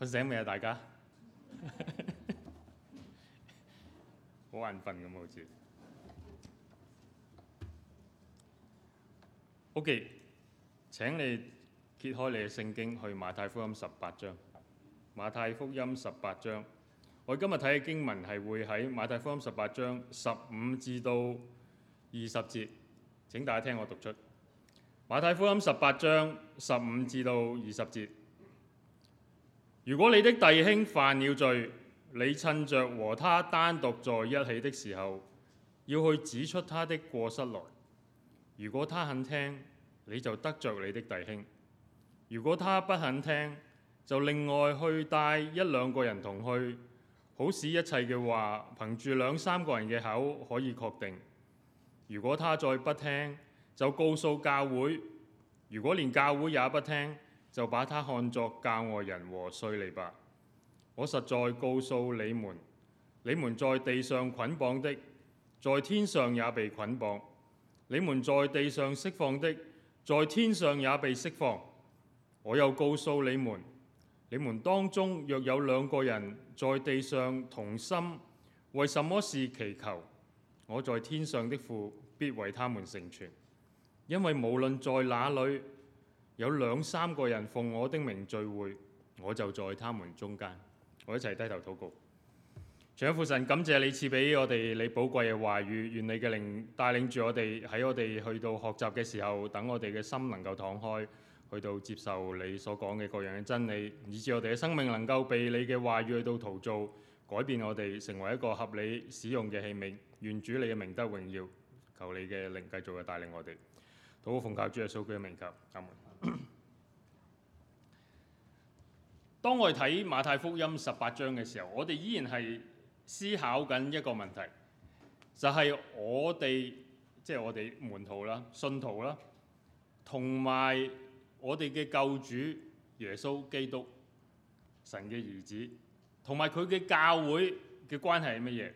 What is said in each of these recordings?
瞓醒未啊？大家好眼瞓咁好似。OK，請你揭開你嘅聖經去馬太福音十八章。馬太福音十八章。我今日睇嘅經文係會喺馬太福音十八章十五至到二十節，請大家聽我讀出馬太福音十八章十五至到二十節。如果你的弟兄犯了罪，你趁著和他單獨在一起的時候，要去指出他的過失來。如果他肯聽，你就得著你的弟兄；如果他不肯聽，就另外去帶一兩個人同去。好使一切嘅話，憑住兩三個人嘅口可以確定。如果他再不聽，就告訴教會；如果連教會也不聽，就把他看作教外人和稅吏吧。我實在告訴你們：你們在地上捆綁的，在天上也被捆綁；你們在地上釋放的，在天上也被釋放。我又告訴你們。你們當中若有兩個人在地上同心，為什麼事祈求，我在天上的父必為他們成全。因為無論在哪裏有兩三個人奉我的名聚會，我就在他們中間，我一齊低頭禱告。主啊，父神，感謝你賜俾我哋你寶貴嘅話語，願你嘅靈帶領住我哋喺我哋去到學習嘅時候，等我哋嘅心能夠敞開。去到接受你所講嘅各樣嘅真理，以致我哋嘅生命能夠被你嘅話語去到陶造，改變我哋成為一個合理使用嘅器皿。願主你嘅名得榮耀，求你嘅靈繼續去帶領我哋。禱告奉救主嘅耶穌嘅名求，阿門。 當我哋睇馬太福音十八章嘅時候，我哋依然係思考緊一個問題，就係、是、我哋即係我哋門徒啦、信徒啦，同埋。我哋嘅救主耶穌基督神嘅兒子，同埋佢嘅教會嘅關係係乜嘢？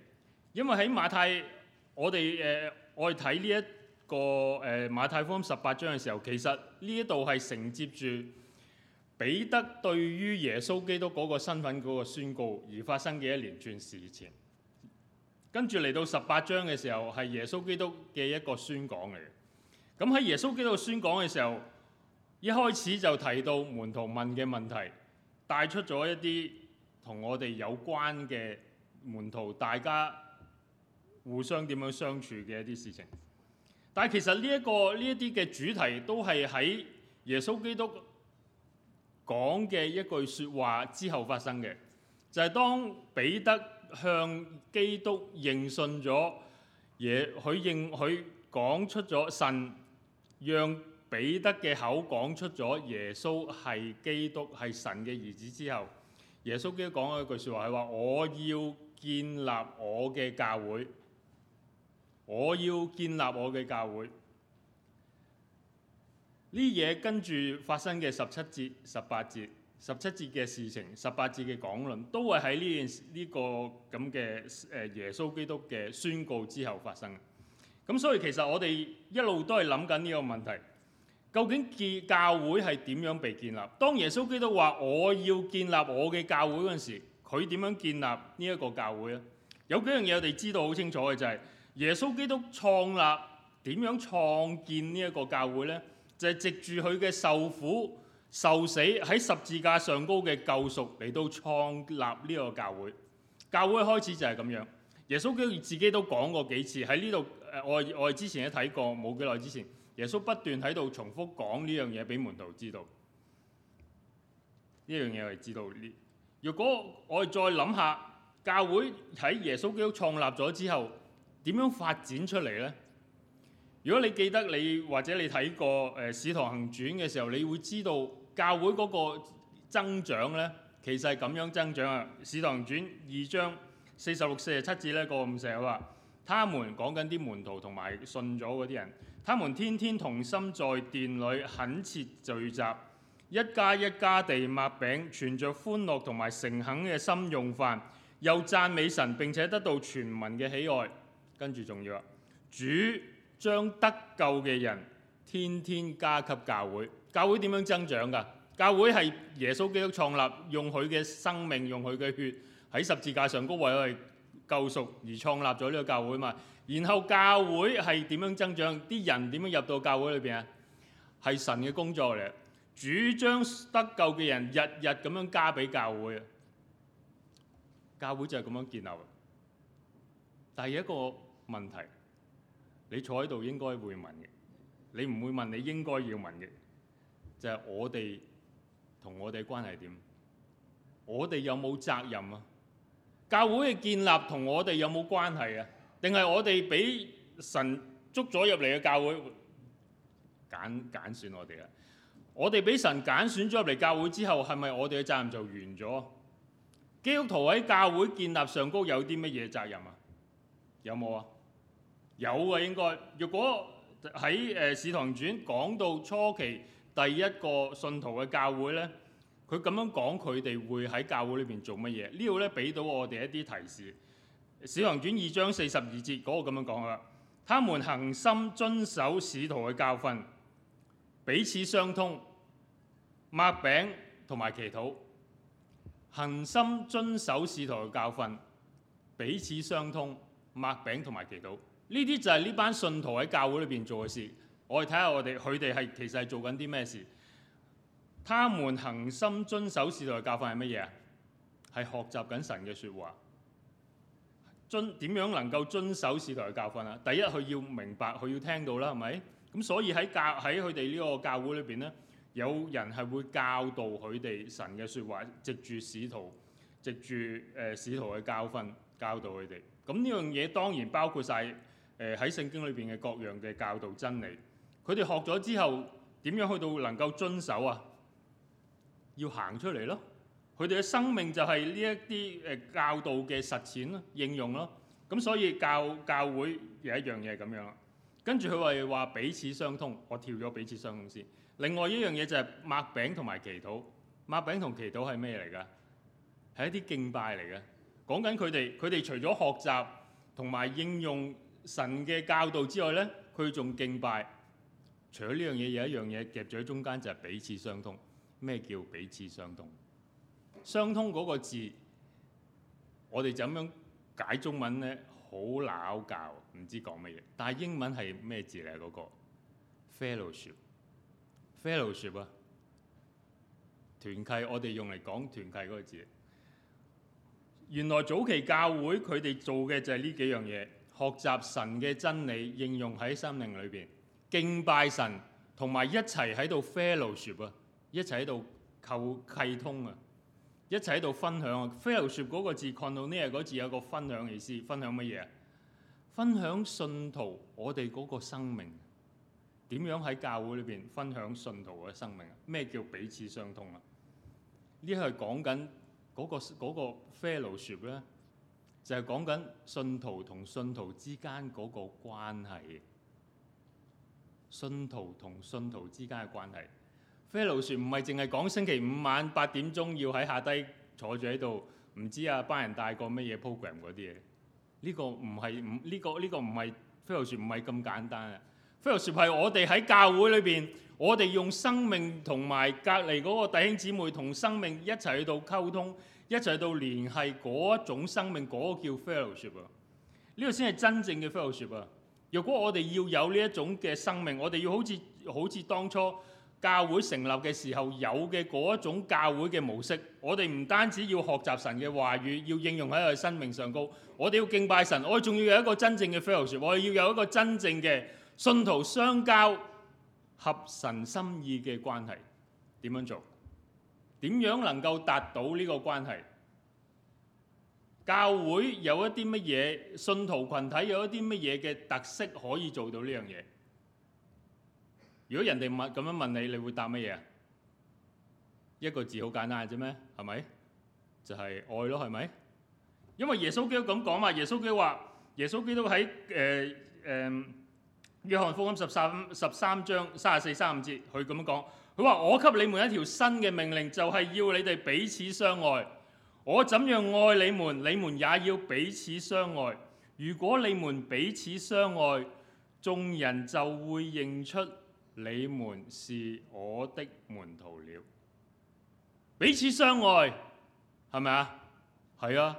因為喺馬太，我哋誒、呃、我哋睇呢一個誒、呃、馬太福音十八章嘅時候，其實呢一度係承接住彼得對於耶穌基督嗰個身份嗰個宣告而發生嘅一連串事情。跟住嚟到十八章嘅時候，係耶穌基督嘅一個宣講嚟嘅。咁喺耶穌基督宣講嘅時候，一開始就提到門徒問嘅問題，帶出咗一啲同我哋有關嘅門徒，大家互相點樣相處嘅一啲事情。但係其實呢、這、一個呢一啲嘅主題都係喺耶穌基督講嘅一句説話之後發生嘅，就係、是、當彼得向基督認信咗嘢，佢認佢講出咗神讓。彼得嘅口講出咗耶穌係基督係神嘅兒子之後，耶穌基督講咗一句説話說，係話我要建立我嘅教會，我要建立我嘅教會。呢嘢跟住發生嘅十七節、十八節、十七節嘅事情、十八節嘅講論，都會喺呢件呢個咁嘅、這個、耶穌基督嘅宣告之後發生。咁所以其實我哋一路都係諗緊呢個問題。究竟建教會係點樣被建立？當耶穌基督話我要建立我嘅教會嗰陣時，佢點樣建立呢一個教會咧？有幾樣嘢我哋知道好清楚嘅，就係耶穌基督創立，點樣創建呢一個教會呢，就係藉住佢嘅受苦受死喺十字架上高嘅救贖嚟到創立呢個教會。教會開始就係咁樣。耶穌基督自己都講過幾次喺呢度，我我之前都睇過，冇幾耐之前。耶穌不斷喺度重複講呢樣嘢俾門徒知道，呢樣嘢係知道。如果我哋再諗下，教會喺耶穌基督創立咗之後點樣發展出嚟呢？如果你記得你或者你睇過《誒、呃、使徒行傳》嘅時候，你會知道教會嗰個增長呢，其實係咁樣增長啊！《使徒行傳》二章四十六四十七節呢、那個五蛇話，他們講緊啲門徒同埋信咗嗰啲人。他們天天同心在殿裏懇切聚集，一家一家地擘餅，存着歡樂同埋誠懇嘅心用飯，又讚美神並且得到全民嘅喜愛。跟住仲要啦，主將得救嘅人天天加給教會，教會點樣增長㗎？教會係耶穌基督創立，用佢嘅生命、用佢嘅血喺十字架上高為我哋救贖而創立咗呢個教會嘛。然後教會係點樣增長？啲人點樣入到教會裏邊啊？係神嘅工作嚟，主將得救嘅人日日咁樣加俾教會，教會就係咁樣建立。但係一個問題，你坐喺度應該會問嘅，你唔會問，你應該要問嘅，就係我哋同我哋關係點？我哋有冇責任啊？教會嘅建立同我哋有冇關係啊？定係我哋俾神捉咗入嚟嘅教會揀揀選，選我哋啦。我哋俾神揀選咗入嚟教會之後，係咪我哋嘅責任就完咗？基督徒喺教會建立上高有啲乜嘢責任啊？有冇啊？有啊，應該。如果喺誒《使徒傳》講到初期第一個信徒嘅教會呢，佢咁樣講，佢哋會喺教會裏邊做乜嘢？呢個呢，俾到我哋一啲提示。《使行傳》二章四十二節嗰、那個咁樣講啦，他們恒心遵守使徒嘅教訓，彼此相通，擘餅同埋祈禱，恒心遵守使徒嘅教訓，彼此相通，擘餅同埋祈禱。呢啲就係呢班信徒喺教會裏邊做嘅事。我哋睇下我哋佢哋係其實係做緊啲咩事？他們恒心遵守使徒嘅教訓係乜嘢啊？係學習緊神嘅説話。遵點樣能夠遵守使徒嘅教訓啊？第一佢要明白，佢要聽到啦，係咪？咁所以喺教喺佢哋呢個教會裏邊咧，有人係會教導佢哋神嘅説話，藉住使徒，藉住誒使徒嘅教訓教導佢哋。咁呢樣嘢當然包括晒誒喺聖經裏邊嘅各樣嘅教導真理。佢哋學咗之後，點樣去到能夠遵守啊？要行出嚟咯。佢哋嘅生命就係呢一啲誒、呃、教導嘅實踐咯、應用咯，咁、嗯、所以教教會有一樣嘢咁樣啦。跟住佢話話彼此相通，我跳咗彼此相通先。另外一樣嘢就係擘餅同埋祈禱，擘餅同祈禱係咩嚟噶？係一啲敬拜嚟嘅，講緊佢哋佢哋除咗學習同埋應用神嘅教導之外咧，佢仲敬拜。除咗呢樣嘢，有一樣嘢夾咗喺中間就係彼此相通。咩叫彼此相通？相通嗰個字，我哋就咁樣解中文咧，好撈攪，唔知講乜嘢。但係英文係咩字咧？嗰個 fellowship，fellowship 啊，團契。我哋用嚟講團契嗰個字，原來早期教會佢哋做嘅就係呢幾樣嘢：學習神嘅真理，應用喺心靈裏邊，敬拜神，同埋一齊喺度 fellowship 啊，一齊喺度求契通啊。一齊喺度分享啊！fellowship 嗰個字，koinonia 嗰個字有個分享意思，分享乜嘢？分享信徒我哋嗰個生命，點樣喺教會裏邊分享信徒嘅生命？咩叫彼此相通啊？嗰個嗰個、呢係講緊嗰個 fellowship 咧，就係講緊信徒同信徒之間嗰個關係，信徒同信徒之間嘅關係。Fellowship 唔係淨係講星期五晚八點鐘要喺下低坐住喺度，唔知阿、啊、班人帶個、這個乜嘢 program 嗰啲嘢。呢、這個唔係唔呢個呢個唔係 Fellowship 唔係咁簡單啊。Fellowship 係我哋喺教會裏邊，我哋用生命同埋隔離嗰個弟兄姊妹同生命一齊去到溝通，一齊去到聯繫嗰種生命，嗰、嗰個、叫 Fellowship、這個、Fellowship 啊。呢個先係真正嘅 Fellowship 啊。如果我哋要有呢一種嘅生命，我哋要好似好似當初。教會成立嘅時候，有嘅嗰一種教會嘅模式，我哋唔單止要學習神嘅話語，要應用喺我哋生命上高。我哋要敬拜神，我哋仲要有一個真正嘅 fellowship，我哋要有一個真正嘅信徒相交合神心意嘅關係。點樣做？點樣能夠達到呢個關係？教會有一啲乜嘢？信徒羣體有一啲乜嘢嘅特色可以做到呢樣嘢？如果人哋問咁樣問你，你會答乜嘢啊？一個字好簡單嘅啫咩？係咪？就係愛咯，係咪？因為耶穌基督咁講嘛。耶穌基督話：耶穌基督喺誒誒《約翰福音》十三十三章三十四、三五節，佢咁樣講：佢話我給你們一條新嘅命令，就係要你哋彼此相愛。我怎樣愛你們，你們也要彼此相愛。如果你們彼此相愛，眾人就會認出。你們是我的門徒了，彼此相愛，係咪啊？係啊，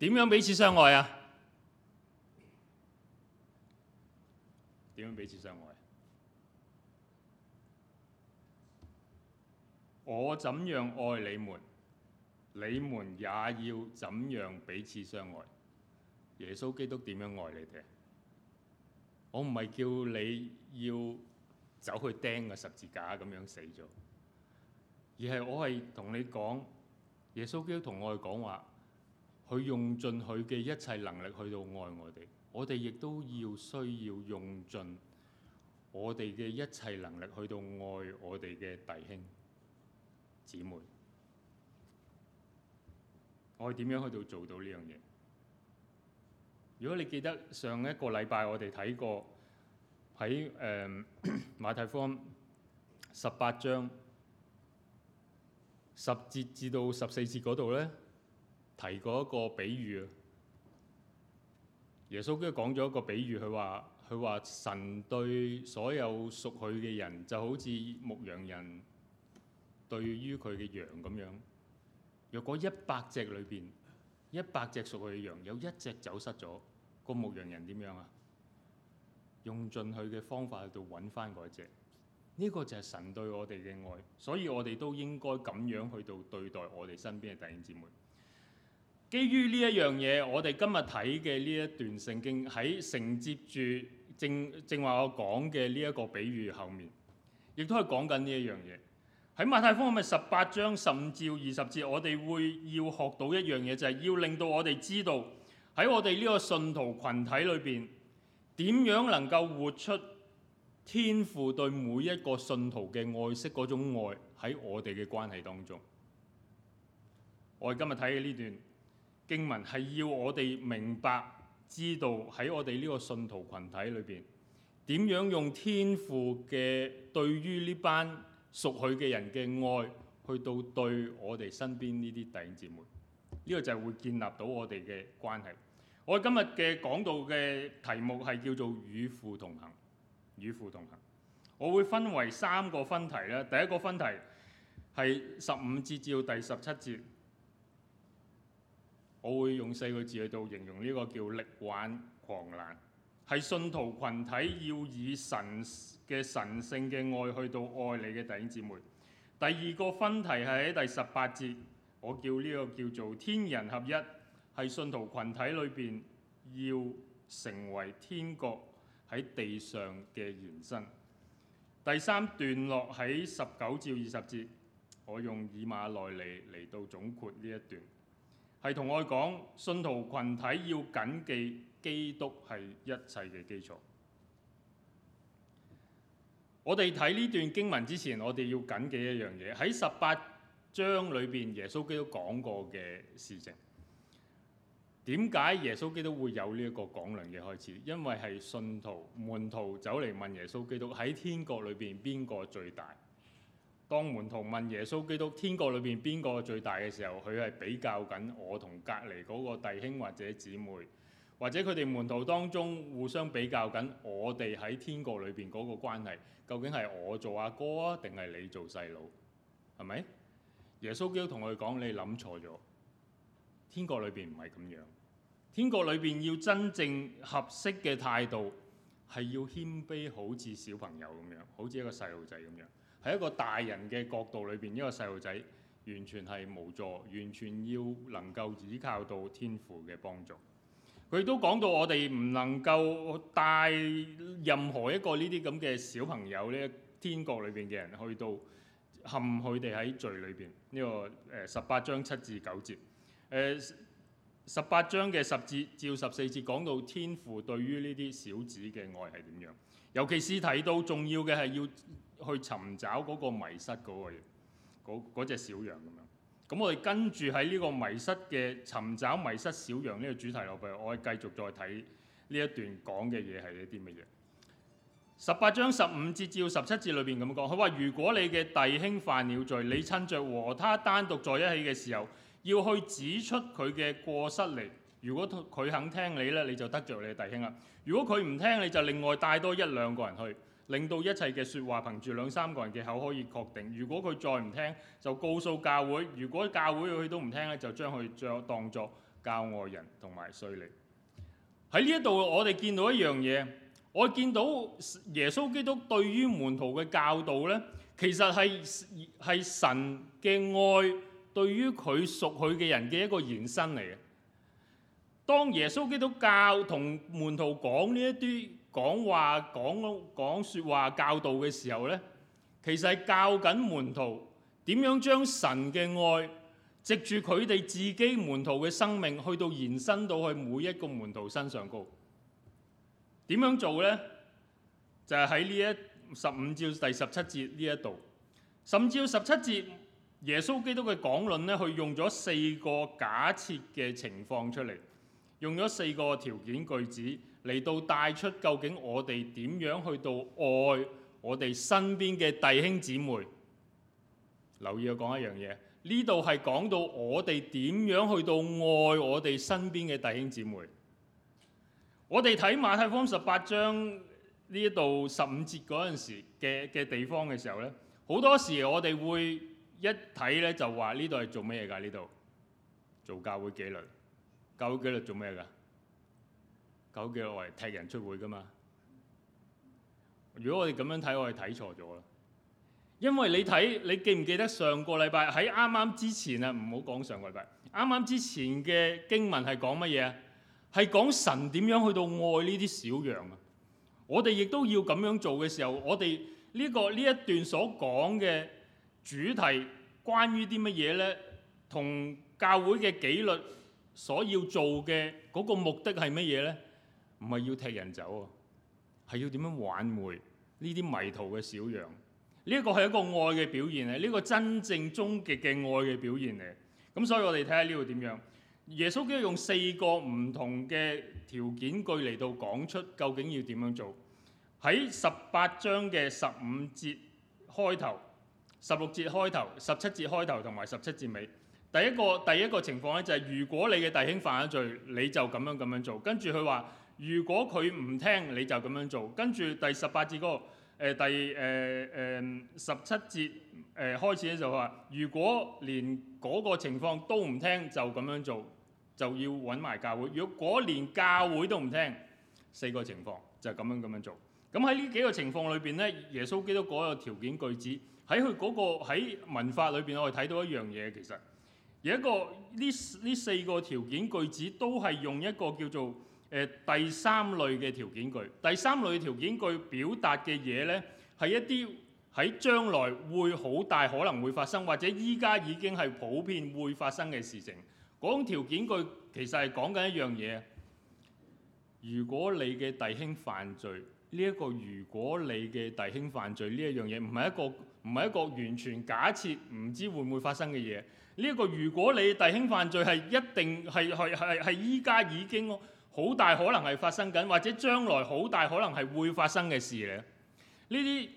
點樣彼此相愛啊？點樣彼此相愛？我怎樣愛你們，你們也要怎樣彼此相愛。耶穌基督點樣愛你哋？我唔係叫你要。走去釘個十字架咁樣死咗，而係我係同你講，耶穌基督同我哋講話，佢用盡佢嘅一切能力去到愛我哋，我哋亦都要需要用盡我哋嘅一切能力去到愛我哋嘅弟兄姊妹。我哋點樣去到做到呢樣嘢？如果你記得上一個禮拜我哋睇過。喺誒、uh, 馬太福音十八章十節至到十四節嗰度咧，提過一個比喻。耶穌跟講咗一個比喻，佢話佢話神對所有屬佢嘅人，就好似牧羊人對於佢嘅羊咁樣。若果一百隻裏邊，一百隻屬佢嘅羊有一隻走失咗，個牧羊人點樣啊？用盡佢嘅方法去到揾翻嗰隻，呢、這個就係神對我哋嘅愛，所以我哋都應該咁樣去到對待我哋身邊嘅弟兄姊妹。基於呢一樣嘢，我哋今日睇嘅呢一段聖經喺承接住正正話我講嘅呢一個比喻後面，亦都係講緊呢一樣嘢。喺馬太福音係咪十八章十五至二十節，我哋會要學到一樣嘢，就係、是、要令到我哋知道喺我哋呢個信徒群體裏邊。點樣能夠活出天父對每一個信徒嘅愛惜嗰種愛喺我哋嘅關係當中？我哋今日睇嘅呢段經文係要我哋明白知道喺我哋呢個信徒群體裏邊，點樣用天父嘅對於呢班屬佢嘅人嘅愛，去到對我哋身邊呢啲弟兄姊妹，呢、這個就係會建立到我哋嘅關係。我今日嘅講到嘅題目係叫做與父同行，與父同行。我會分為三個分題咧。第一個分題係十五節至到第十七節，我會用四個字去到形容呢個叫力挽狂瀾，係信徒群體要以神嘅神性嘅愛去到愛你嘅弟兄姊妹。第二個分題係喺第十八節，我叫呢個叫做天人合一。係信徒群體裏邊要成為天國喺地上嘅延伸。第三段落喺十九至二十節，我用以馬內利嚟到總括呢一段，係同我講信徒群體要緊記基督係一切嘅基礎。我哋睇呢段經文之前，我哋要緊記一樣嘢，喺十八章裏邊耶穌基督講過嘅事情。點解耶穌基督會有呢一個講論嘅開始？因為係信徒門徒走嚟問耶穌基督喺天國裏邊邊個最大？當門徒問耶穌基督天國裏邊邊個最大嘅時候，佢係比較緊我同隔離嗰個弟兄或者姊妹，或者佢哋門徒當中互相比較緊我哋喺天國裏邊嗰個關係，究竟係我做阿哥啊，定係你做細佬？係咪？耶穌基督同佢講：你諗錯咗。天國裏邊唔係咁樣，天國裏邊要真正合適嘅態度係要謙卑，好似小朋友咁樣，好似一個細路仔咁樣。喺一個大人嘅角度裏邊，一個細路仔完全係無助，完全要能夠依靠到天父嘅幫助。佢都講到我哋唔能夠帶任何一個呢啲咁嘅小朋友呢，天國裏邊嘅人去到陷佢哋喺罪裏邊，呢個誒十八章七至九節。誒十八章嘅十節，照十四節講到天父對於呢啲小子嘅愛係點樣，尤其是睇到重要嘅係要去尋找嗰個迷失嗰個嘢，嗰嗰隻小羊咁樣。咁我哋跟住喺呢個迷失嘅尋找迷失小羊呢個主題落去，我哋繼續再睇呢一段講嘅嘢係一啲乜嘢。十八章十五節至十七節裏邊咁講，佢話如果你嘅弟兄犯了罪，你趁着和他單獨在一起嘅時候。要去指出佢嘅過失嚟，如果佢肯聽你咧，你就得著你弟兄啦。如果佢唔聽，你就另外帶多一兩個人去，令到一切嘅説話憑住兩三個人嘅口可以確定。如果佢再唔聽，就告訴教會。如果教會佢都唔聽咧，就將佢作當作教外人同埋稅吏。喺呢一度，我哋見到一樣嘢，我見到耶穌基督對於門徒嘅教導咧，其實係係神嘅愛。對於佢屬佢嘅人嘅一個延伸嚟嘅。當耶穌基督教同門徒講呢一啲講話講講説話教導嘅時候呢，其實係教緊門徒點樣將神嘅愛藉住佢哋自己門徒嘅生命，去到延伸到去每一個門徒身上高。點樣做呢？就係喺呢一十五至第十七節呢一度，十五至十七節。耶穌基督嘅講論呢，佢用咗四個假設嘅情況出嚟，用咗四個條件句子嚟到帶出究竟我哋點樣去到愛我哋身邊嘅弟兄姊妹。留意我講一樣嘢，呢度係講到我哋點樣去到愛我哋身邊嘅弟兄姊妹。我哋睇馬太福音十八章呢度十五節嗰陣時嘅嘅地方嘅時候呢，好多時我哋會。一睇咧就話呢度係做咩嘢㗎？呢度做教會紀律，教會紀律做咩㗎？教會紀律係踢人出會㗎嘛？如果我哋咁樣睇，我哋睇錯咗啦。因為你睇你記唔記得上個禮拜喺啱啱之前啊？唔好講上個禮拜，啱啱之前嘅經文係講乜嘢啊？係講神點樣去到愛呢啲小羊啊？我哋亦都要咁樣做嘅時候，我哋呢個呢一段所講嘅主題。關於啲乜嘢咧？同教會嘅紀律所要做嘅嗰個目的係乜嘢咧？唔係要踢人走啊，係要點樣挽回呢啲迷途嘅小羊？呢一個係一個愛嘅表現，係呢個真正終極嘅愛嘅表現嚟。咁所以我哋睇下呢度點樣。耶穌基督用四個唔同嘅條件句嚟到講出究竟要點樣做。喺十八章嘅十五節開頭。十六節開頭、十七節開頭同埋十七節尾，第一個第一個情況咧就係、是、如果你嘅弟兄犯咗罪，你就咁樣咁樣做。跟住佢話，如果佢唔聽，你就咁樣做。跟住第十八節嗰個、呃、第誒誒十七節誒開始咧就話，如果連嗰個情況都唔聽，就咁樣做，就要揾埋教會。如果連教會都唔聽，四個情況就係咁樣咁樣做。咁喺呢幾個情況裏邊咧，耶穌基督嗰個條件句子。喺佢嗰個喺文化裏邊，我哋睇到一樣嘢。其實而一個呢呢四個條件句子都係用一個叫做誒、呃、第三類嘅條件句。第三類條件句表達嘅嘢呢，係一啲喺將來會好大可能會發生，或者依家已經係普遍會發生嘅事情。嗰種條件句其實係講緊一樣嘢。如果你嘅弟兄犯罪，呢、這、一個如果你嘅弟兄犯罪呢一樣嘢，唔係一個。唔係一個完全假設，唔知會唔會發生嘅嘢。呢一個如果你弟兄犯罪係一定係係係係依家已經好大可能係發生緊，或者將來好大可能係會發生嘅事咧。呢啲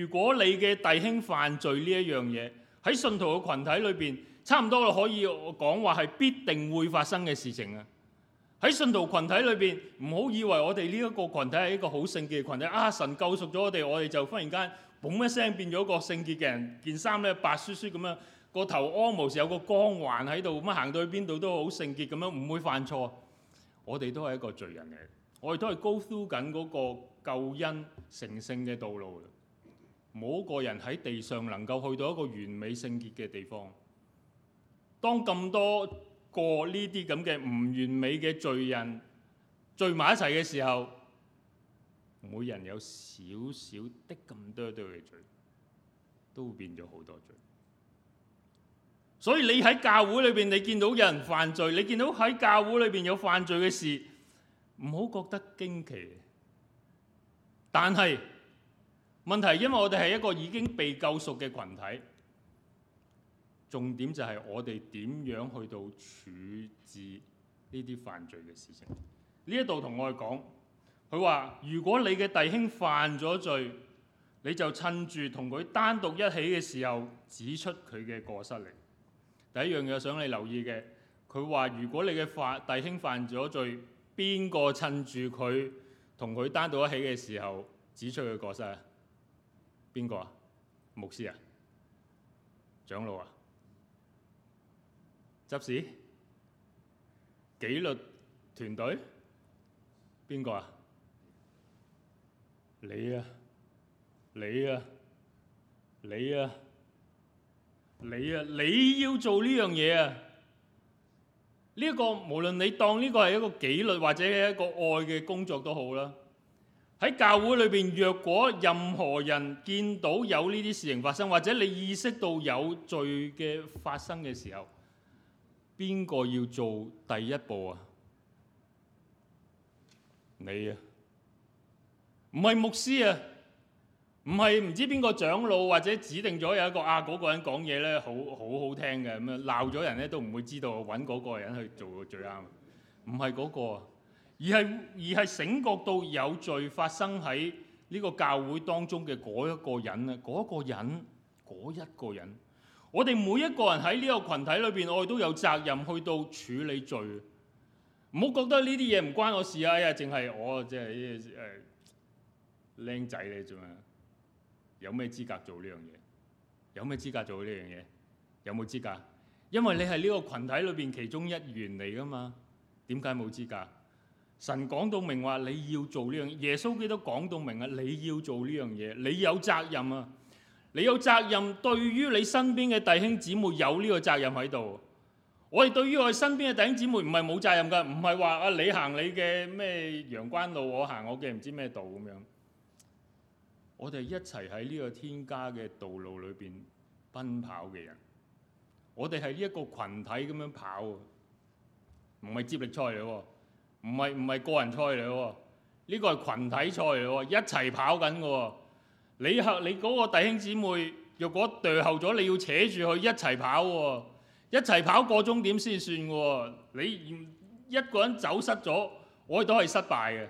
如果你嘅弟兄犯罪呢一樣嘢喺信徒嘅群體裏邊，差唔多可以講話係必定會發生嘅事情啊。喺信徒群體裏邊，唔好以為我哋呢一個群體係一個好聖潔群體啊！神救贖咗我哋，我哋就忽然間～冇乜聲變咗個聖潔嘅人，件衫咧白雪雪咁樣，個頭安無事，有個光環喺度，咁行到去邊度都好聖潔咁樣，唔會犯錯。我哋都係一個罪人嚟，我哋都係 go through 緊嗰個救恩成聖嘅道路。冇一個人喺地上能夠去到一個完美聖潔嘅地方。當咁多個呢啲咁嘅唔完美嘅罪人聚埋一齊嘅時候，每人有少少的咁多堆嘅罪，都會變咗好多罪。所以你喺教會裏邊，你見到有人犯罪，你見到喺教會裏邊有犯罪嘅事，唔好覺得驚奇。但係問題，因為我哋係一個已經被救贖嘅群體，重點就係我哋點樣去到處置呢啲犯罪嘅事情。呢一度同我哋講。佢話：如果你嘅弟兄犯咗罪，你就趁住同佢單獨一起嘅時候指出佢嘅過失嚟。第一樣嘢想你留意嘅，佢話：如果你嘅弟兄犯咗罪，邊個趁住佢同佢單獨一起嘅時候指出佢嘅過失啊？邊個啊？牧師啊？長老啊？執事？紀律團隊？邊個啊？你呀、啊，你呀，你呀，你啊，你要做呢樣嘢啊？呢、呢個、一個，無論你當呢個係一個紀律或者係一個愛嘅工作都好啦。喺教會裏面，若果任何人見到有呢啲事情發生，或者你意識到有罪嘅發生嘅時候，邊個要做第一步啊？你呀、啊。唔係牧師啊，唔係唔知邊個長老或者指定咗有一個啊，嗰個人講嘢咧，好好好聽嘅，咁啊鬧咗人咧都唔會知道揾嗰個人去做最啱，唔係嗰個，而係而係醒覺到有罪發生喺呢個教會當中嘅嗰一個人咧，嗰一個人，嗰一個人，我哋每一個人喺呢個羣體裏邊，我哋都有責任去到處理罪，唔好覺得呢啲嘢唔關我事啊，呀，淨係我即係誒。僆仔你做咩？有咩資格做呢樣嘢？有咩資格做呢樣嘢？有冇資格？因為你係呢個群體裏邊其中一員嚟噶嘛？點解冇資格？神講到明話你要做呢樣，耶穌基督講到明啊，你要做呢樣嘢，你有責任啊！你有責任對於你身邊嘅弟兄姊妹有呢個責任喺度。我哋對於我哋身邊嘅弟兄姊妹唔係冇責任㗎，唔係話啊你行你嘅咩陽關路，我行我嘅唔知咩道咁樣。我哋一齊喺呢個天家嘅道路裏邊奔跑嘅人，我哋係呢一個群體咁樣跑，唔係接力賽嚟喎，唔係唔係個人賽嚟喎，呢、呢個係群體賽嚟喎，一齊跑緊嘅喎，你嚇你嗰個弟兄姊妹，若果墜後咗，你要扯住佢一齊跑喎，一齊跑，跑過終點先算嘅喎，你一個人走失咗，我哋都係失敗嘅。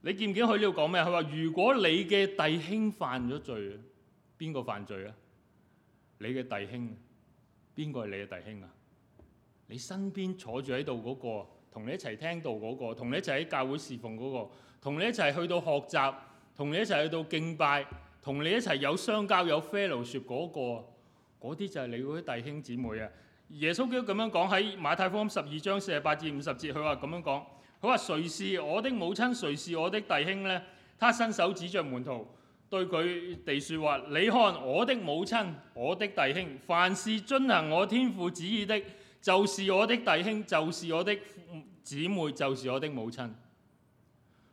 你見唔見佢呢度講咩？佢話：如果你嘅弟兄犯咗罪，邊個犯罪啊？你嘅弟兄，邊個係你嘅弟兄啊？你身邊坐住喺度嗰個，同你一齊聽到嗰個，同你一齊喺教會侍奉嗰個，同你一齊去到學習，同你一齊去到敬拜，同你一齊有相交有 fellowship 嗰個，嗰啲就係你嗰啲弟兄姊妹啊！耶穌基督咁樣講喺馬太福音十二章四十八至五十節，佢話咁樣講。佢話：誰是我的母親？誰是我的弟兄呢？」他伸手指着門徒，對佢哋説話：你看我的母親，我的弟兄，凡是遵行我天父旨意的，就是我的弟兄，就是我的姊妹，就是我的母親。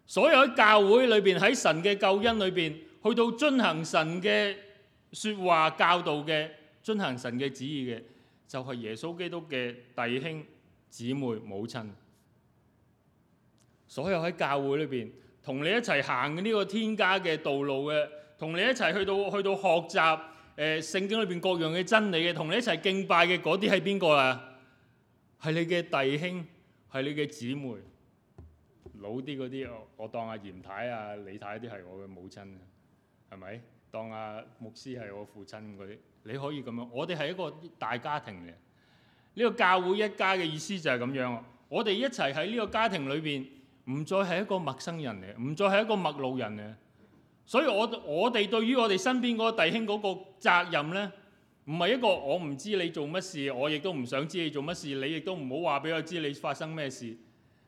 所有喺教會裏邊，喺神嘅救恩裏邊，去到遵行神嘅説話、教導嘅，遵行神嘅旨意嘅，就係、是、耶穌基督嘅弟兄、姊妹、母親。所有喺教會裏邊同你一齊行呢個天家嘅道路嘅，同你一齊去到去到學習誒聖經裏邊各樣嘅真理嘅，同你一齊、呃、敬拜嘅嗰啲係邊個啊？係你嘅弟兄，係你嘅姊妹，老啲嗰啲，我當阿嚴太，太啊、李太啲係我嘅母親，係咪？當阿牧師係我父親嗰啲，你可以咁樣。我哋係一個大家庭嚟，呢、呢個教會一家嘅意思就係咁樣。我哋一齊喺呢個家庭裏邊。唔再係一個陌生人嚟，唔再係一個陌路人嚟，所以我我哋對於我哋身邊嗰個弟兄嗰個責任咧，唔係一個我唔知你做乜事，我亦都唔想知你做乜事，你亦都唔好話俾我知你發生咩事，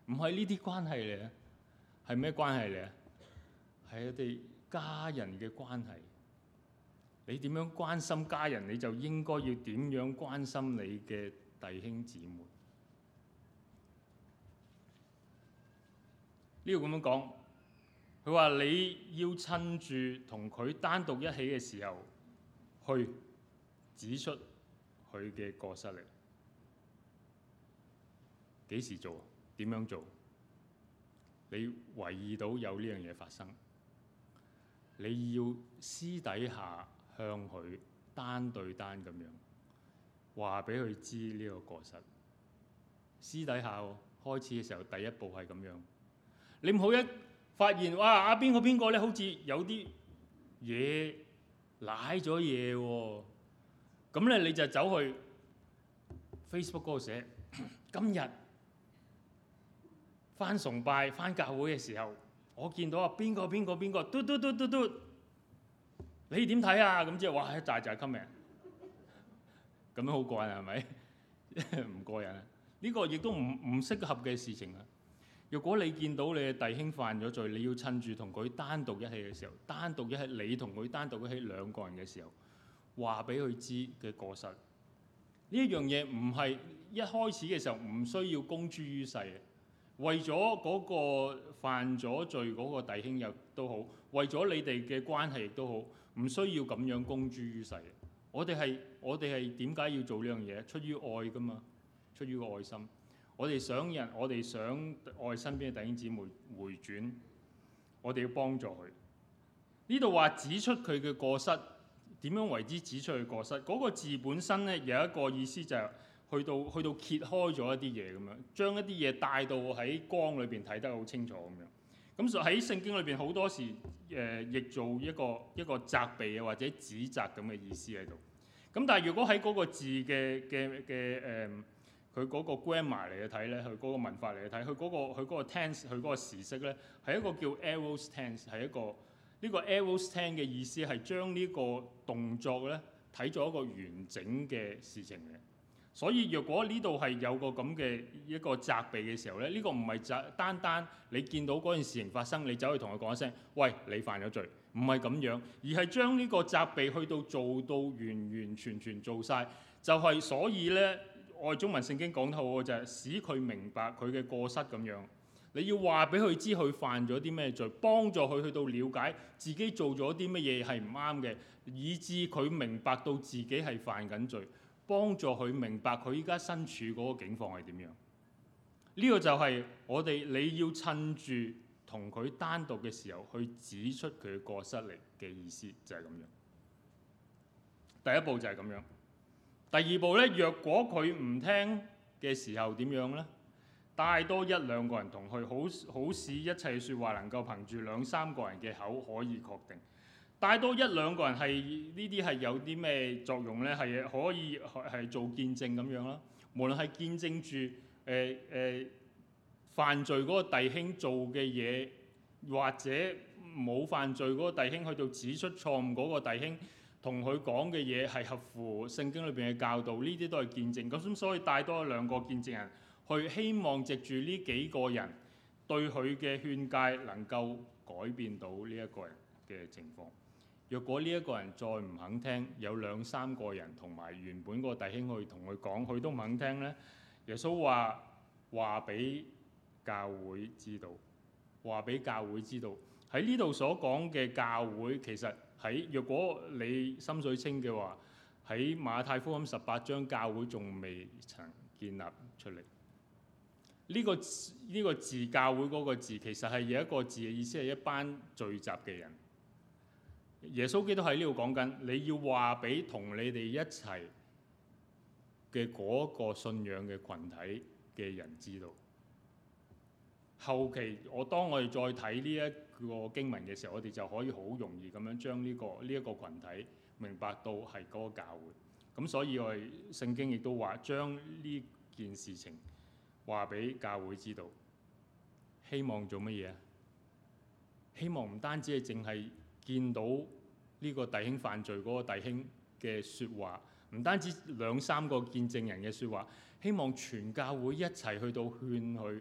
唔係呢啲關係嚟啊，係咩關係嚟啊？係我哋家人嘅關係。你點樣關心家人，你就應該要點樣關心你嘅弟兄姊妹。呢度咁樣講，佢話你要趁住同佢單獨一起嘅時候去指出佢嘅過失嚟。幾時做？點樣做？你懷疑到有呢樣嘢發生，你要私底下向佢單對單咁樣話俾佢知呢個過失。私底下喎，開始嘅時候第一步係咁樣。你唔好一發現哇啊邊個邊個咧，好似有啲嘢賴咗嘢喎，咁咧、哦、你就走去 Facebook 嗰度寫今日返崇拜返教會嘅時候，我見到啊邊個邊個邊個嘟嘟，嘟嘟嘟嘟嘟，你點睇啊？咁即係話哇一扎就 comment 咁樣好過癮係咪？唔 過癮啊！呢、呢個亦都唔唔適合嘅事情啊！如果你見到你嘅弟兄犯咗罪，你要趁住同佢單獨一起嘅時候，單獨一起你同佢單獨一起兩個人嘅時候，話俾佢知嘅過失。呢一樣嘢唔係一開始嘅時候唔需要公諸於世嘅，為咗嗰個犯咗罪嗰個弟兄又都好，為咗你哋嘅關係亦都好，唔需要咁樣公諸於世。我哋係我哋係點解要做呢樣嘢？出於愛㗎嘛，出於個愛心。我哋想人，我哋想愛身邊嘅弟兄姊妹回轉，我哋要幫助佢。呢度話指出佢嘅過失，點樣為之指出佢過失？嗰、那個字本身咧有一個意思，就係去到去到揭開咗一啲嘢咁樣，將一啲嘢帶到喺光裏邊睇得好清楚咁樣。咁實喺聖經裏邊好多時誒、呃，亦做一個一個責備啊或者指責咁嘅意思喺度。咁但係如果喺嗰個字嘅嘅嘅誒？佢嗰個 grammar 嚟嘅睇咧，佢嗰個文法嚟嘅睇，佢嗰、那個佢嗰個 tense，佢嗰個時式咧，係一個叫 aorist tense，係一個呢、這個 aorist tense 嘅意思係將呢個動作咧睇做一個完整嘅事情嘅。所以若果呢度係有個咁嘅一個責備嘅時候咧，呢、這個唔係單單你見到嗰件事情發生，你走去同佢講一聲，喂，你犯咗罪，唔係咁樣，而係將呢個責備去到做到完完全全做晒。就係、是、所以咧。我哋中文聖經講得好，就係、是、使佢明白佢嘅過失咁樣。你要話俾佢知佢犯咗啲咩罪，幫助佢去到了解自己做咗啲乜嘢係唔啱嘅，以至佢明白到自己係犯緊罪，幫助佢明白佢依家身處嗰個境況係點樣。呢、這個就係我哋你要趁住同佢單獨嘅時候去指出佢過失嚟嘅意思，就係、是、咁樣。第一步就係咁樣。第二步咧，若果佢唔聽嘅時候點樣呢？帶多一兩個人同佢，好好使一切説話能夠憑住兩三個人嘅口可以確定。帶多一兩個人係呢啲係有啲咩作用呢？係可以係做見證咁樣囉。無論係見證住誒誒犯罪嗰個弟兄做嘅嘢，或者冇犯罪嗰個弟兄去到指出錯誤嗰個弟兄。同佢講嘅嘢係合乎聖經裏邊嘅教導，呢啲都係見證。咁所以帶多兩個見證人，去希望藉住呢幾個人對佢嘅勸戒，能夠改變到呢一個人嘅情況。若果呢一個人再唔肯聽，有兩三個人同埋原本嗰個弟兄去同佢講，佢都唔肯聽呢，耶穌話，話俾教會知道，話俾教會知道。喺呢度所講嘅教會其實。喺若果你心水清嘅話，喺馬太福音十八章，教會仲未曾建立出嚟。呢個呢個字教會嗰個字，其實係有一個字嘅意思係一班聚集嘅人。耶穌基督喺呢度講緊，你要話俾同你哋一齊嘅嗰個信仰嘅群體嘅人知道。後期我當我哋再睇呢一個經文嘅時候，我哋就可以好容易咁樣將呢個呢一個群體明白到係嗰個教會。咁所以我哋聖經亦都話將呢件事情話俾教會知道，希望做乜嘢？希望唔單止係淨係見到呢個弟兄犯罪嗰個弟兄嘅説話，唔單止兩三個見證人嘅説話，希望全教會一齊去到勸佢。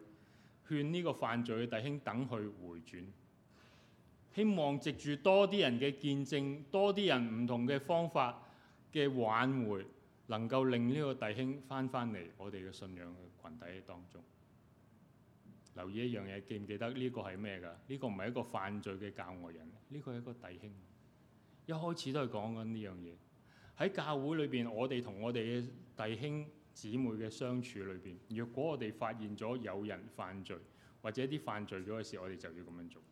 勸呢個犯罪嘅弟兄等佢回轉，希望藉住多啲人嘅見證，多啲人唔同嘅方法嘅挽回，能夠令呢個弟兄翻翻嚟我哋嘅信仰嘅群體當中。留意一樣嘢，記唔記得呢個係咩㗎？呢個唔係一個犯罪嘅教外人，呢個係一個弟兄。一開始都係講緊呢樣嘢喺教會裏邊，我哋同我哋嘅弟兄。姊妹嘅相處裏邊，若果我哋發現咗有人犯罪，或者啲犯罪咗嘅事，我哋就要咁樣做。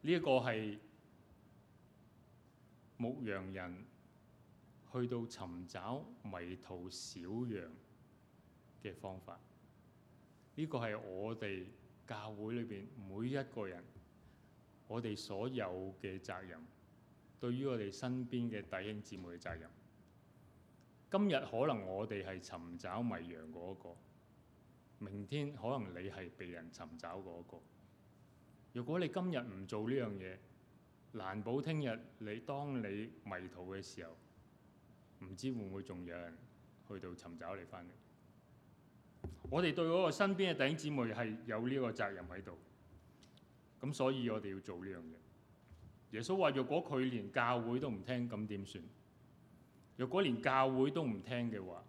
呢一個係牧羊人去到尋找迷途小羊嘅方法。呢個係我哋教會裏邊每一個人，我哋所有嘅責任，對於我哋身邊嘅弟兄姊妹嘅責任。今日可能我哋係尋找迷羊嗰個，明天可能你係被人尋找嗰個。如果你今日唔做呢樣嘢，難保聽日你當你迷途嘅時候，唔知會唔會仲有人去到尋找你翻嚟。我哋對嗰個身邊嘅弟兄姊妹係有呢個責任喺度，咁所以我哋要做呢樣嘢。耶穌話：若果佢連教會都唔聽，咁點算？如果連教會都唔聽嘅話，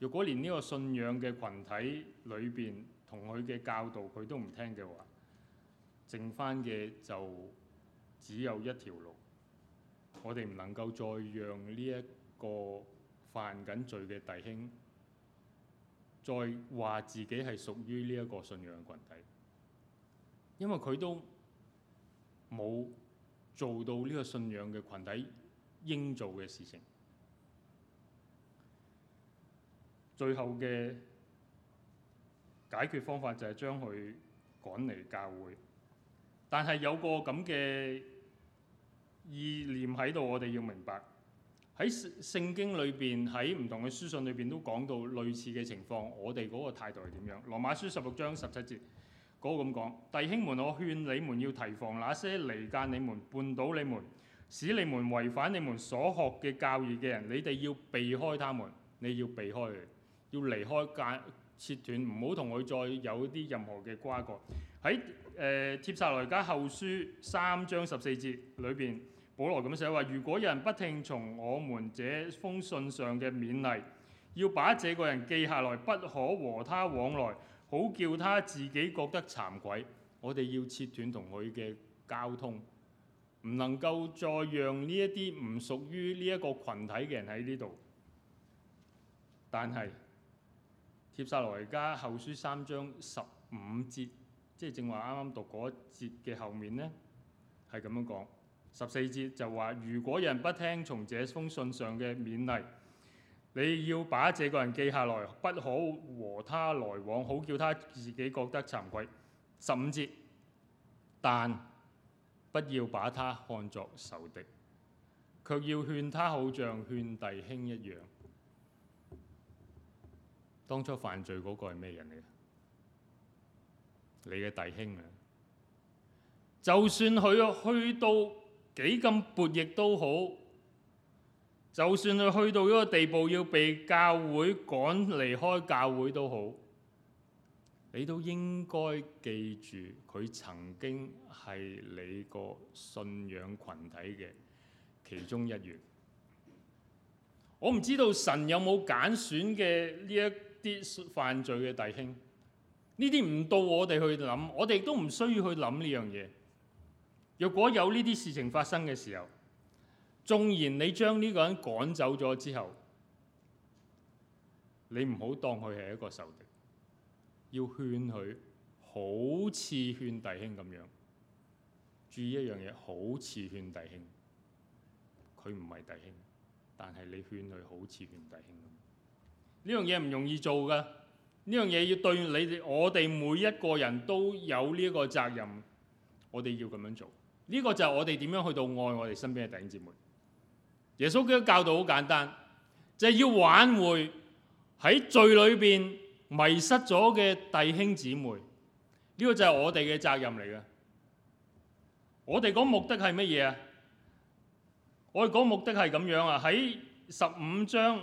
如果連呢個信仰嘅群體裏邊同佢嘅教導佢都唔聽嘅話，剩翻嘅就只有一條路，我哋唔能夠再讓呢一個犯緊罪嘅弟兄再話自己係屬於呢一個信仰嘅群體，因為佢都冇做到呢個信仰嘅群體應做嘅事情。最後嘅解決方法就係將佢趕嚟教會，但係有個咁嘅意念喺度，我哋要明白喺聖經裏邊，喺唔同嘅書信裏邊都講到類似嘅情況，我哋嗰個態度係點樣？羅馬書十六章十七節嗰個咁講：弟兄們，我勸你們要提防那些離間你們、絆倒你們、使你們違反你們所學嘅教義嘅人，你哋要避開他們，你要避開要離開、隔、切斷，唔好同佢再有啲任何嘅瓜葛。喺誒帖撒羅尼迦後書三章十四節裏邊，保羅咁寫話：如果有人不聽從我們這封信上嘅勉勵，要把這個人記下來，不可和他往來，好叫他自己覺得慚愧。我哋要切斷同佢嘅交通，唔能夠再讓呢一啲唔屬於呢一個群體嘅人喺呢度。但係，帖撒羅尼迦後書三章十五節，即係正話啱啱讀嗰一節嘅後面呢，係咁樣講。十四節就話，如果人不聽從這封信上嘅勉勵，你要把這個人記下來，不可和他來往，好叫他自己覺得慚愧。十五節，但不要把他看作仇敵，卻要勸他好，好像勸弟兄一樣。當初犯罪嗰個係咩人嚟？你嘅弟兄啊，就算佢去到幾咁叛逆都好，就算佢去到一個地步要被教會趕離開教會都好，你都應該記住佢曾經係你個信仰群體嘅其中一員。我唔知道神有冇揀選嘅呢一？啲犯罪嘅弟兄，呢啲唔到我哋去諗，我哋都唔需要去諗呢樣嘢。若果有呢啲事情發生嘅時候，縱然你將呢個人趕走咗之後，你唔好當佢係一個仇敵，要勸佢好似勸弟兄咁樣。注意一樣嘢，好似勸弟兄，佢唔係弟兄，但係你勸佢好似勸弟兄咁。呢樣嘢唔容易做噶，呢樣嘢要對你哋，我哋每一個人都有呢一個責任，我哋要咁樣做。呢個就係我哋點樣去到愛我哋身邊嘅弟兄姊妹。耶穌基督教導好簡單，就係要挽回喺罪裏邊迷失咗嘅弟兄姊妹。呢個就係我哋嘅責任嚟嘅。我哋講目的係乜嘢啊？我哋講目的係咁樣啊！喺十五章。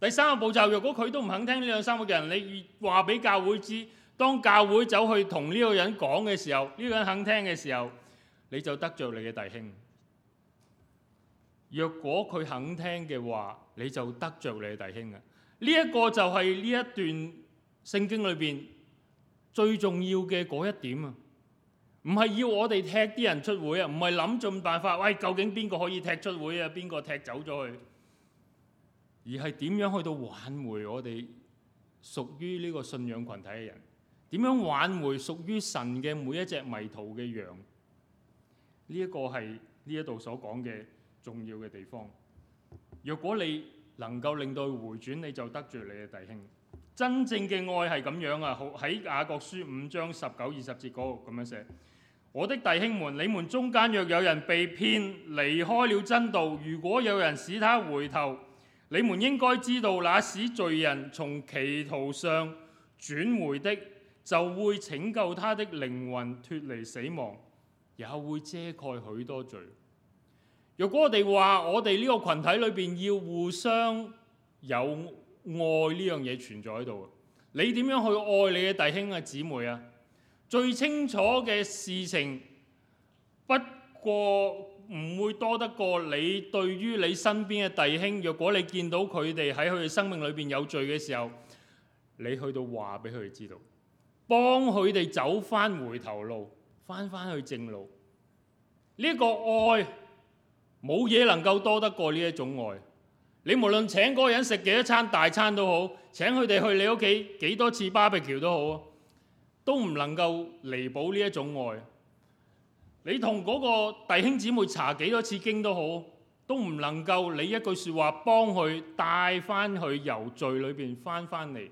第三個步驟，如果佢都唔肯聽呢兩三個嘅人，你話俾教會知，當教會走去同呢個人講嘅時候，呢個人肯聽嘅時候，你就得著你嘅弟兄。若果佢肯聽嘅話，你就得著你嘅弟兄啊！呢一個就係呢一段聖經裏邊最重要嘅嗰一點啊！唔係要我哋踢啲人出會啊，唔係諗盡辦法，喂，究竟邊個可以踢出會啊？邊個踢走咗佢？而係點樣去到挽回我哋屬於呢個信仰群體嘅人？點樣挽回屬於神嘅每一隻迷途嘅羊？呢、這、一個係呢一度所講嘅重要嘅地方。若果你能夠令到回轉，你就得罪你嘅弟兄。真正嘅愛係咁樣啊！喺雅各書五章十九二十節嗰度咁樣寫：，我的弟兄們，你們中間若有人被騙離開了真道，如果有人使他回頭，你們應該知道，那使罪人從歧途上轉回的，就會拯救他的靈魂脫離死亡，也會遮蓋許多罪。如果我哋話我哋呢個群體裏邊要互相有愛呢樣嘢存在喺度，你點樣去愛你嘅弟兄啊、姊妹啊？最清楚嘅事情不過。唔會多得過你對於你身邊嘅弟兄，若果你見到佢哋喺佢哋生命裏邊有罪嘅時候，你去到話俾佢哋知道，幫佢哋走返回頭路，翻返去正路。呢、這個愛冇嘢能夠多得過呢一種愛。你無論請嗰個人食幾多餐大餐都好，請佢哋去你屋企幾多次巴比橋都好，都唔能夠彌補呢一種愛。你同嗰個弟兄姊妹查幾多次經都好，都唔能夠你一句說話幫佢帶翻去由罪裏邊翻翻嚟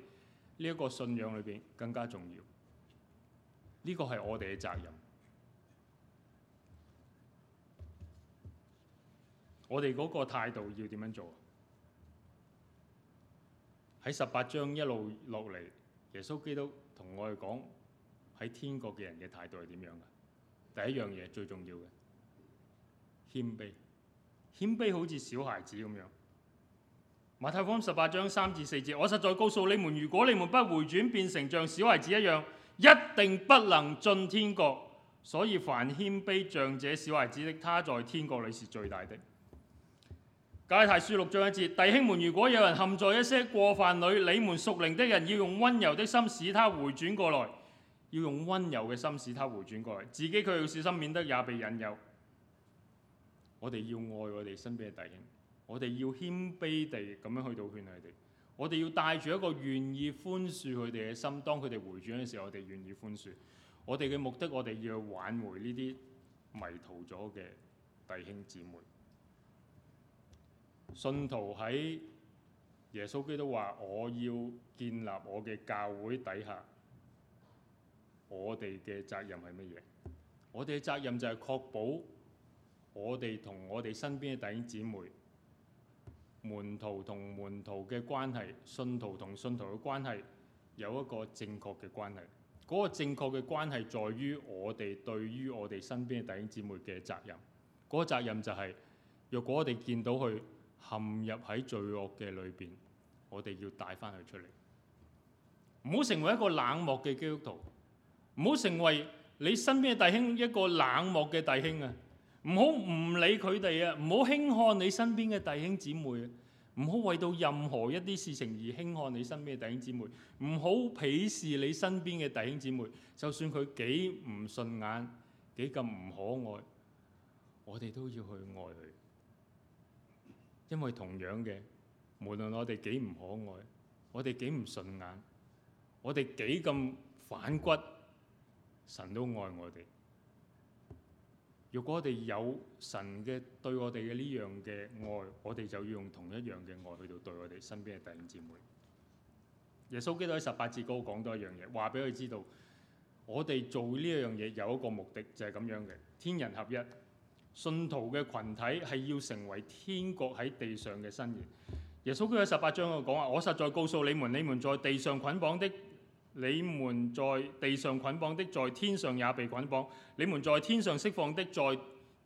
呢一個信仰裏邊更加重要。呢個係我哋嘅責任。我哋嗰個態度要點樣做？喺十八章一路落嚟，耶穌基督同我哋講喺天國嘅人嘅態度係點樣噶？第一樣嘢最重要嘅謙卑，謙卑好似小孩子咁樣。馬太福音十八章三至四節，我實在告訴你們，如果你們不回轉，變成像小孩子一樣，一定不能進天國。所以凡謙卑像這小孩子的，他在天國裏是最大的。加拉太書六章一節，弟兄們，如果有人陷在一些過犯裏，你們屬靈的人要用温柔的心使他回轉過來。要用温柔嘅心使他回轉過嚟。自己卻要小心，免得也被引誘。我哋要愛我哋身邊嘅弟兄，我哋要謙卑地咁樣去到勸佢哋，我哋要帶住一個願意寬恕佢哋嘅心，當佢哋回轉嘅時候，我哋願意寬恕。我哋嘅目的，我哋要去挽回呢啲迷途咗嘅弟兄姊妹。信徒喺耶穌基督話：我要建立我嘅教會底下。我哋嘅責任係乜嘢？我哋嘅責任就係確保我哋同我哋身邊嘅弟兄姊妹、門徒同門徒嘅關係、信徒同信徒嘅關係有一個正確嘅關係。嗰個正確嘅關係在於我哋對於我哋身邊嘅弟兄姊妹嘅責任。嗰個責任就係，若果我哋見到佢陷入喺罪惡嘅裏邊，我哋要帶翻佢出嚟，唔好成為一個冷漠嘅基督徒。唔好成為你身邊嘅弟兄一個冷漠嘅弟兄啊！唔好唔理佢哋啊！唔好輕看你身邊嘅弟兄姊妹啊！唔好為到任何一啲事情而輕看你身邊嘅弟兄姊妹，唔好鄙視你身邊嘅弟兄姊妹，就算佢幾唔順眼，幾咁唔可愛，我哋都要去愛佢，因為同樣嘅，無論我哋幾唔可愛，我哋幾唔順眼，我哋幾咁反骨，神都愛我哋。如果我哋有神嘅對我哋嘅呢樣嘅愛，我哋就要用同一樣嘅愛去到對我哋身邊嘅弟兄姊妹。耶穌基督喺十八節嗰度講多一樣嘢，話俾佢知道，我哋做呢一樣嘢有一個目的，就係、是、咁樣嘅，天人合一。信徒嘅群體係要成為天國喺地上嘅身現。耶穌基督喺十八章度講話，我實在告訴你們，你們在地上捆綁的。你們在地上捆綁的，在天上也被捆綁；你們在天上釋放的，在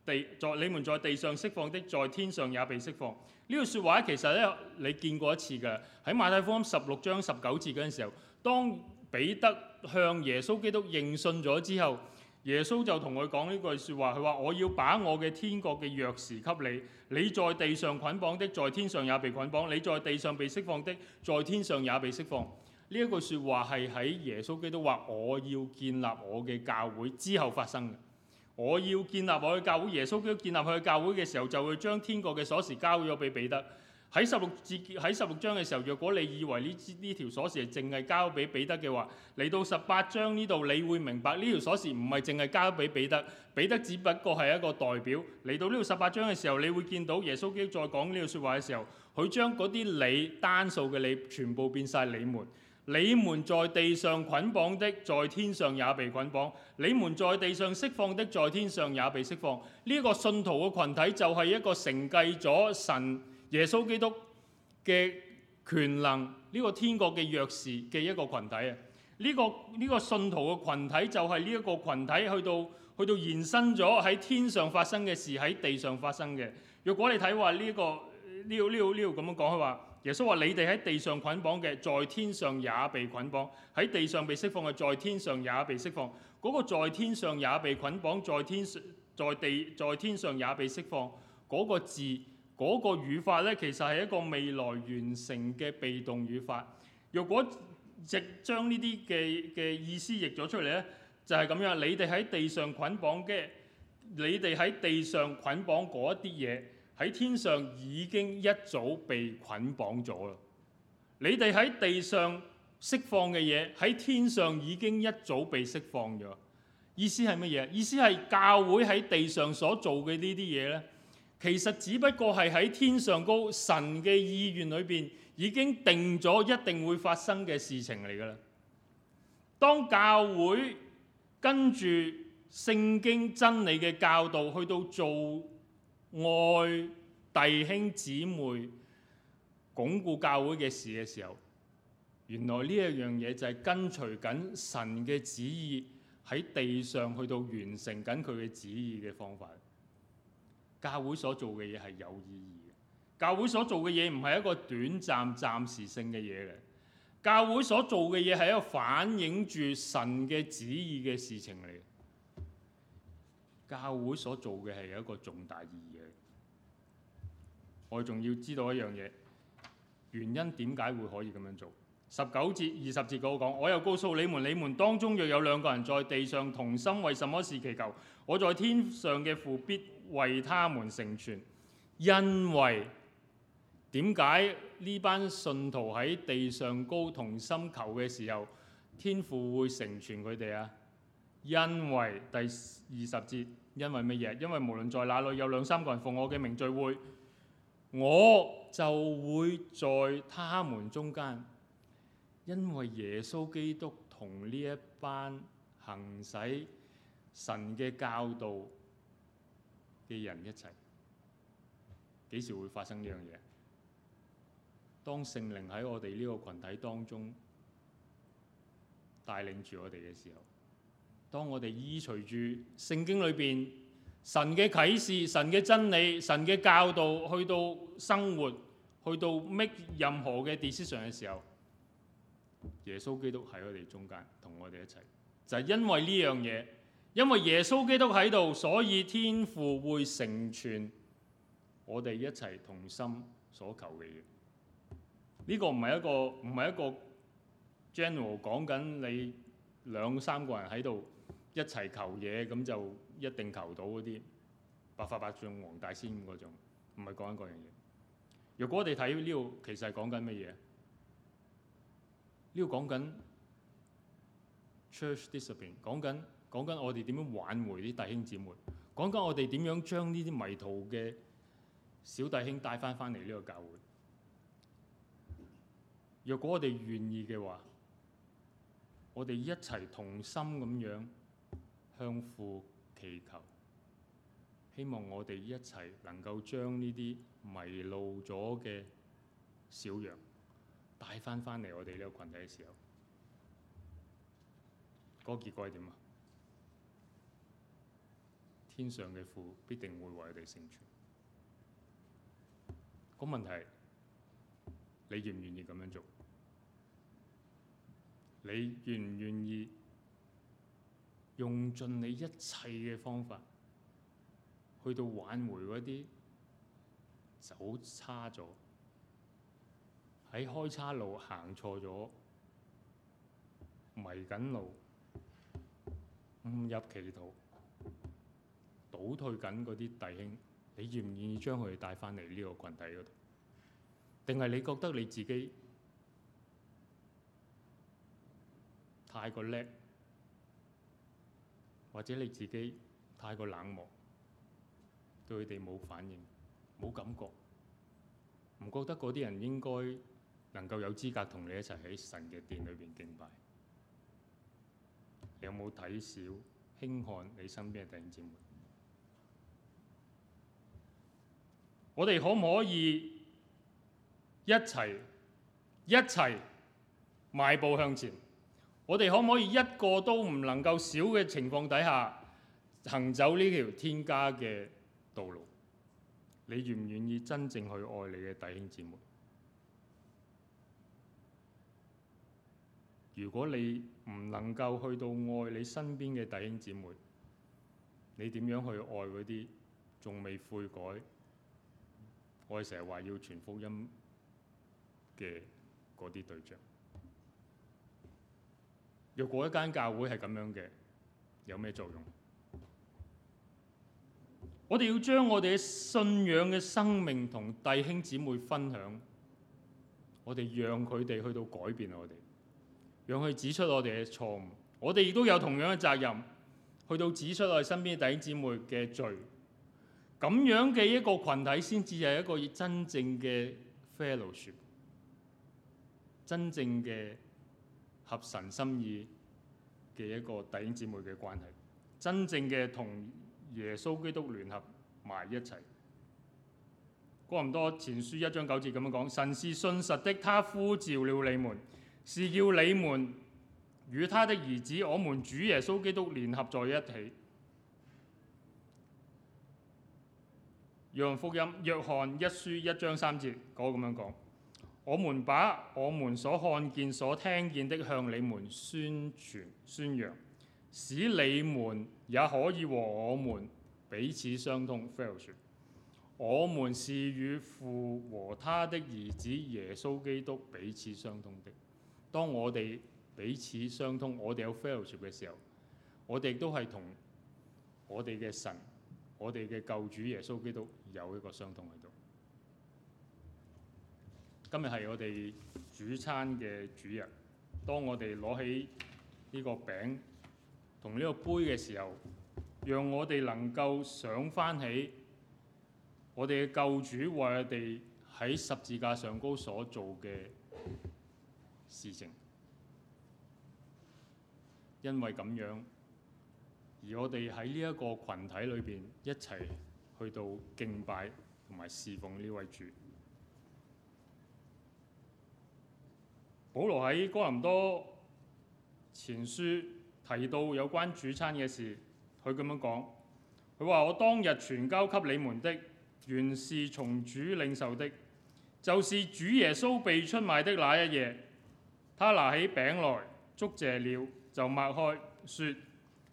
地在你們在地上釋放的，在天上也被釋放。呢句説話其實咧，你見過一次㗎。喺馬太福音十六章十九節嗰陣時候，當彼得向耶穌基督認信咗之後，耶穌就同佢講呢句説話，佢話：我要把我嘅天國嘅鑰匙給你。你在地上捆綁的，在天上也被捆綁；你在地上被釋放的，在天上也被釋放。呢一句説話係喺耶穌基督話我要建立我嘅教會之後發生嘅。我要建立我嘅教會，耶穌基督建立我嘅教會嘅時候，就會將天國嘅鎖匙交咗俾彼得。喺十六字喺十六章嘅時候，若果你以為呢呢條鎖匙係淨係交俾彼得嘅話，嚟到十八章呢度，你會明白呢條鎖匙唔係淨係交俾彼得。彼得只不過係一個代表。嚟到呢度十八章嘅時候，你會見到耶穌基督再講呢句説話嘅時候，佢將嗰啲你單數嘅你，全部變晒你們。你們在地上捆綁的，在天上也被捆綁；你們在地上釋放的，在天上也被釋放。呢個信徒嘅群體就係一個承繼咗神耶穌基督嘅權能，呢個天國嘅鑰匙嘅一個群體啊！呢個呢個信徒嘅群體就係呢一個群體去到去到延伸咗喺天上發生嘅事，喺地上發生嘅。若果你睇話呢個呢呢呢咁樣講佢話。這個這個這個這個耶穌話：你哋喺地上捆綁嘅，在天上也被捆綁；喺地上被釋放嘅，在天上也被釋放。嗰、那個在天上也被捆綁，在天上、在地、在天上也被釋放。嗰、那個字、嗰、那個語法咧，其實係一個未來完成嘅被動語法。若果直將呢啲嘅嘅意思譯咗出嚟咧，就係、是、咁樣。你哋喺地上捆綁嘅，你哋喺地上捆綁嗰一啲嘢。喺天上已經一早被捆綁咗啦。你哋喺地上釋放嘅嘢，喺天上已經一早被釋放咗。意思係乜嘢？意思係教會喺地上所做嘅呢啲嘢呢，其實只不過係喺天上高神嘅意願裏邊已經定咗一定會發生嘅事情嚟㗎啦。當教會跟住聖經真理嘅教導去到做。愛弟兄姊妹、鞏固教會嘅事嘅時候，原來呢一樣嘢就係跟隨緊神嘅旨意喺地上去到完成緊佢嘅旨意嘅方法。教會所做嘅嘢係有意義嘅，教會所做嘅嘢唔係一個短暫暫時性嘅嘢嚟。教會所做嘅嘢係一個反映住神嘅旨意嘅事情嚟。教會所做嘅係有一個重大意義嘅，我仲要知道一樣嘢，原因點解會可以咁樣做？十九節、二十節嗰度講，我又告訴你們，你們當中若有兩個人在地上同心，為什麼事祈求，我在天上嘅父必為他們成全。因為點解呢班信徒喺地上高同心求嘅時候，天父會成全佢哋啊？因為第二十節。因為乜嘢？因為無論在哪裏，有兩三個人奉我嘅名聚會，我就會在他們中間。因為耶穌基督同呢一班行使神嘅教導嘅人一齊，幾時會發生呢樣嘢？當聖靈喺我哋呢個群體當中帶領住我哋嘅時候。當我哋依隨住聖經裏邊神嘅啟示、神嘅真理、神嘅教導，去到生活，去到 make 任何嘅 decision 嘅時候，耶穌基督喺我哋中間，同我哋一齊。就係因為呢樣嘢，因為耶穌基督喺度，所以天父會成全我哋一齊同心所求嘅嘢。呢個唔係一個唔係一個 general 講緊你兩三個人喺度。一齊求嘢，咁就一定求到嗰啲百發百中、黃大仙嗰種，唔係講緊嗰樣嘢。若果我哋睇呢度，其實係講緊乜嘢？呢度講緊 church discipline，講緊講緊我哋點樣挽回啲弟兄姊妹，講緊我哋點樣將呢啲迷途嘅小弟兄帶翻翻嚟呢個教會。若果我哋願意嘅話，我哋一齊同心咁樣。向父祈求，希望我哋一齊能夠將呢啲迷路咗嘅小羊帶翻翻嚟我哋呢個群體嘅時候，嗰結果係點啊？天上嘅父必定會為我哋成全。個問題，你願唔願意咁樣做？你願唔願意？用盡你一切嘅方法，去到挽回嗰啲走差咗，喺開岔路行錯咗，迷緊路，誤入歧途，倒退緊嗰啲弟兄，你願唔願意將佢哋帶翻嚟呢個群體度？定係你覺得你自己太過叻？或者你自己太過冷漠，對佢哋冇反應，冇感覺，唔覺得嗰啲人應該能夠有資格同你一齊喺神嘅殿裏面敬拜，你有冇睇小輕看你身邊嘅弟兄姊妹？我哋可唔可以一齊一齊邁步向前？我哋可唔可以一個都唔能夠少嘅情況底下行走呢條天家嘅道路？你願唔願意真正去愛你嘅弟兄姊妹？如果你唔能夠去到愛你身邊嘅弟兄姊妹，你點樣去愛嗰啲仲未悔改、我哋成日話要傳福音嘅嗰啲對象？若果一間教會係咁樣嘅，有咩作用？我哋要將我哋嘅信仰嘅生命同弟兄姊妹分享，我哋讓佢哋去到改變我哋，讓佢指出我哋嘅錯誤。我哋亦都有同樣嘅責任，去到指出我哋身邊弟兄姊妹嘅罪。咁樣嘅一個群體先至係一個真正嘅 fellowship，真正嘅。合神心意嘅一個弟兄姊妹嘅關係，真正嘅同耶穌基督聯合埋一齊。哥林多前書一章九節咁樣講：神是信實的，他呼召了你們，是叫你們與他的兒子，我們主耶穌基督聯合在一起。讓福音約翰一書一章三節嗰咁、那個、樣講。我們把我們所看見、所聽見的向你們宣傳、宣揚，使你們也可以和我們彼此相通。fellowship，我們是與父和他的兒子耶穌基督彼此相通的。當我哋彼此相通，我哋有 fellowship 嘅時候，我哋都係同我哋嘅神、我哋嘅救主耶穌基督有一個相通喺度。今日係我哋主餐嘅主人。當我哋攞起呢個餅同呢個杯嘅時候，讓我哋能夠想返起我哋嘅救主為我哋喺十字架上高所做嘅事情。因為咁樣，而我哋喺呢一個群體裏邊一齊去到敬拜同埋侍奉呢位主。保羅喺哥林多前書提到有關主餐嘅事，佢咁樣講：佢話我當日傳交給你們的，原是從主領受的，就是主耶穌被出賣的那一夜，他拿起餅來，祝謝了，就擘開，說：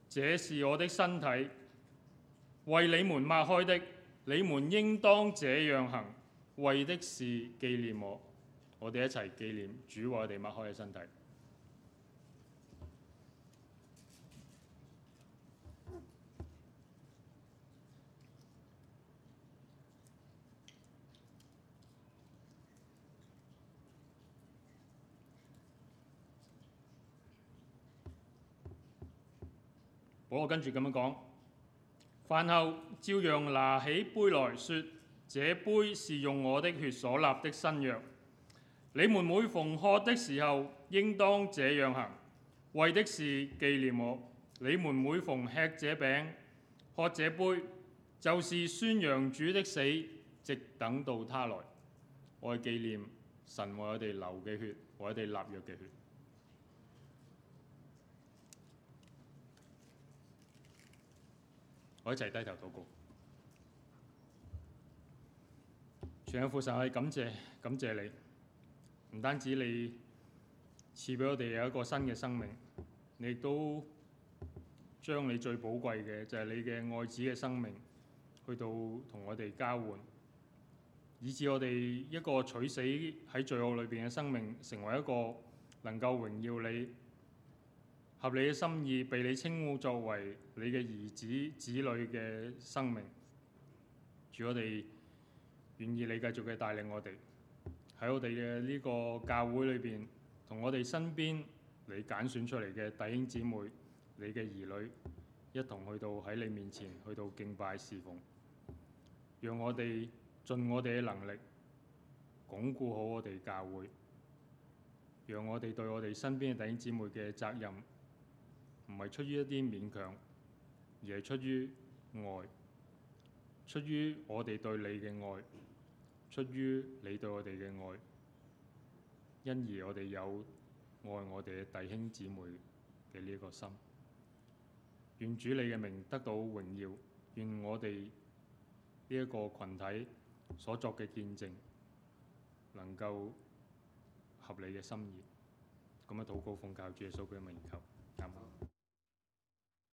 這是我的身體，為你們擘開的，你們應當這樣行，為的是紀念我。我哋一齊紀念主，為我哋擘開嘅身體。嗯、我跟住咁樣講，飯後照樣拿起杯來，説：這杯是用我的血所立的新約。你們每逢喝的時候，應當這樣行，為的是紀念我。你們每逢吃這餅、喝這杯，就是宣揚主的死，直等到他來。我哋紀念神為我哋流嘅血，為我哋立約嘅血，我一齊低頭禱告。全人父神，我感謝感謝你。唔單止你賜俾我哋有一個新嘅生命，你都將你最寶貴嘅就係你嘅愛子嘅生命，去到同我哋交換，以致我哋一個取死喺罪惡裏邊嘅生命，成為一個能夠榮耀你合理嘅心意，被你稱呼作為你嘅兒子子女嘅生命。主，我哋願意你繼續嘅帶領我哋。喺我哋嘅呢個教會裏邊，同我哋身邊你揀選出嚟嘅弟兄姊妹、你嘅兒女，一同去到喺你面前，去到敬拜侍奉，讓我哋盡我哋嘅能力，鞏固好我哋教會，讓我哋對我哋身邊嘅弟兄姊妹嘅責任，唔係出於一啲勉強，而係出於愛，出於我哋對你嘅愛。出於你對我哋嘅愛，因而我哋有愛我哋嘅弟兄姊妹嘅呢一個心。願主你嘅名得到榮耀，願我哋呢一個群體所作嘅見證能夠合你嘅心意，咁樣禱告奉靠主耶穌嘅名求。